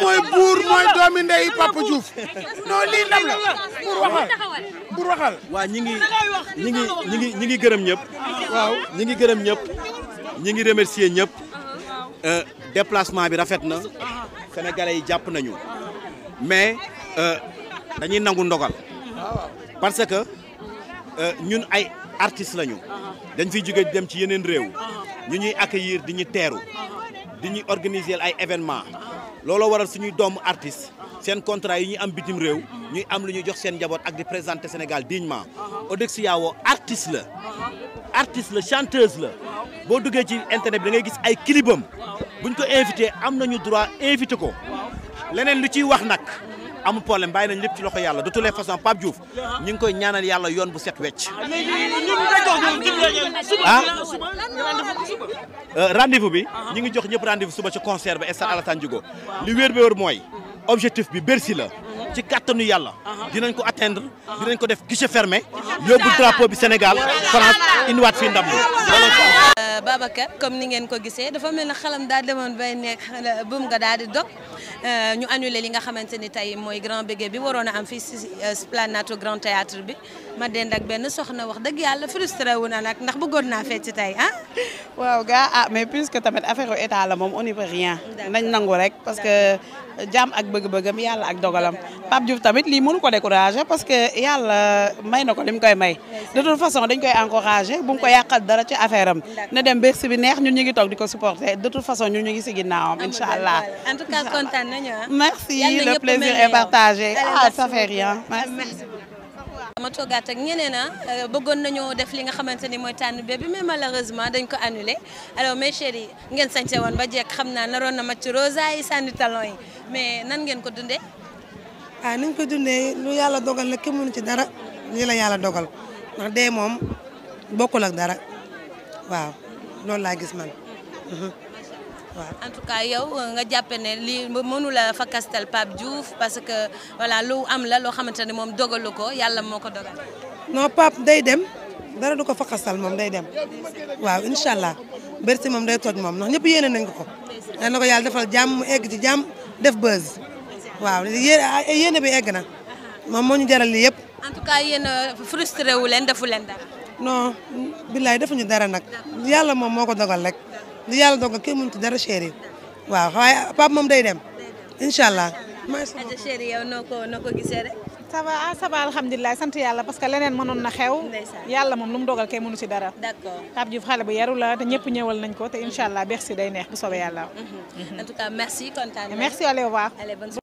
mooy buur mooy doomi ndey Papa Diouf non lii ndam la buur waxal buur waxal. waaw ñi ngi ñi ngi ñi ngi ñi ngi gërëm ñëpp. waaw ñi ngi gërëm ñëpp. ñi ngi remercier ñëpp. Uh-huh. Uh, déplacement bi rafet na. Uh-huh. sénégalais yi jàpp nañu. mais uh, dañuy nangu ndogal. parce que uh, ñun ay artistes lañu. Uh-huh. dañ fiy jóge dem ci yeneen réew. ñu ñuy accueillir di ñu teeru. di ñuy organiser ay événement looloo waral suñuy doomu artiste seen contrat yi ñuy am bitim réew ñuy am lu ñuy jox seen njaboot ak di présenter Sénégal dignement Odexia woo artiste la artiste la chanteuse la boo duggee ci internet bi da ngay gis ay bu ñu ko invité am nañu droit invité ko leneen lu ciy wax nag amul problème bàyyi nañ lépp ci loxo yàlla de toutes les façons Pape Diouf ñu ngi koy ñaanal yàlla yoon bu set wecc ah euh, rendez-vous bi ñu ngi jox ñëpp rendez suba ci concert ba stade Alassane Diogo li wér wér mooy objectif bi Bercy la ci kàttanu yàlla dinañ ko atteindre dinañ ko def guichet fermé yóbbu drapeau bi Sénégal France indiwaat fii ndam li Babacar comme ni ngeen ko gisee dafa mel ne xalam daa demoon bay nekk euh, buum nga daal di dog euh, ñu annulé li nga xamante ni tey mooy grand béguet bi waroon a am fii si euh, Esplanade Grand Théâtre bi ma dend ak benn soxna wax dëgg yàlla frustré naa na ndax bëggoon naa fecc tey ah. waaw gaa ah mais puisque tamit affaire état la moom on n'y peut nañ nangu rek parce que jaam ak bëgg-bëggam yàlla ak dogalam. Pape Diouf tamit lii mënu ko décourager parce que yàlla may na ko li koy may. de toute façon dañ koy encourager bu mu ko yàqal dara ci affaire am. na dem bés bi neex ñun ñu ngi toog di ko supporter de toute façon ñun ñu ngi si ginnaawam. incha allah en tout ah. merci le plaisir est partagé. ah ça fait rien ma toogaat ak ñeneen a ah, euh, bëggoon nañoo def li nga xamante ni mooy tànn bébé mais malheureusement dañ ko annulé alors mes chéris ngeen sance woon ba jekk xam naa naroon na macc rosa yi sànni talon yi mais nan ngeen ko dundee. ah niñ ko dundee lu yàlla dogal la kenn mënu ci dara lii yàlla dogal ndax dee moom bokkul ak dara waaw loolu laa gis man. Mhm. en tout cas yow nga jàppe ne lii mënu la fa kastal Pape parce que voilà lu am la loo xamante ne moom dogalu ko yàlla moo ko dogal. non Pape day dem dara du ko fa kastal moom day dem waaw incha allah Bercy moom day toj moom ndax ñëpp yéene nañ ko ko. dana ko yàlla defal jàmm mu egg jàmm def buzz waaw yéene bi egg na moom moo ñu jaral yëpp. en yéen frustré leen defu leen dara. non billaay defuñu dara nag yàlla moom moo ko dogal rek. li yàlla dogal kenn mënut dara chéri waaw waaye Pape moom day dem incha allah. macha allah chéri yàlla parce que leneen mënoon na xew. yàlla moom lu mu dogal kay mënu ci dara. d'accord Pape Diouf xale bu yaru la te ñëpp ñëwal nañ ko te incha allah beex si day neex bu soobee yàlla. Mhm. merci kontaan merci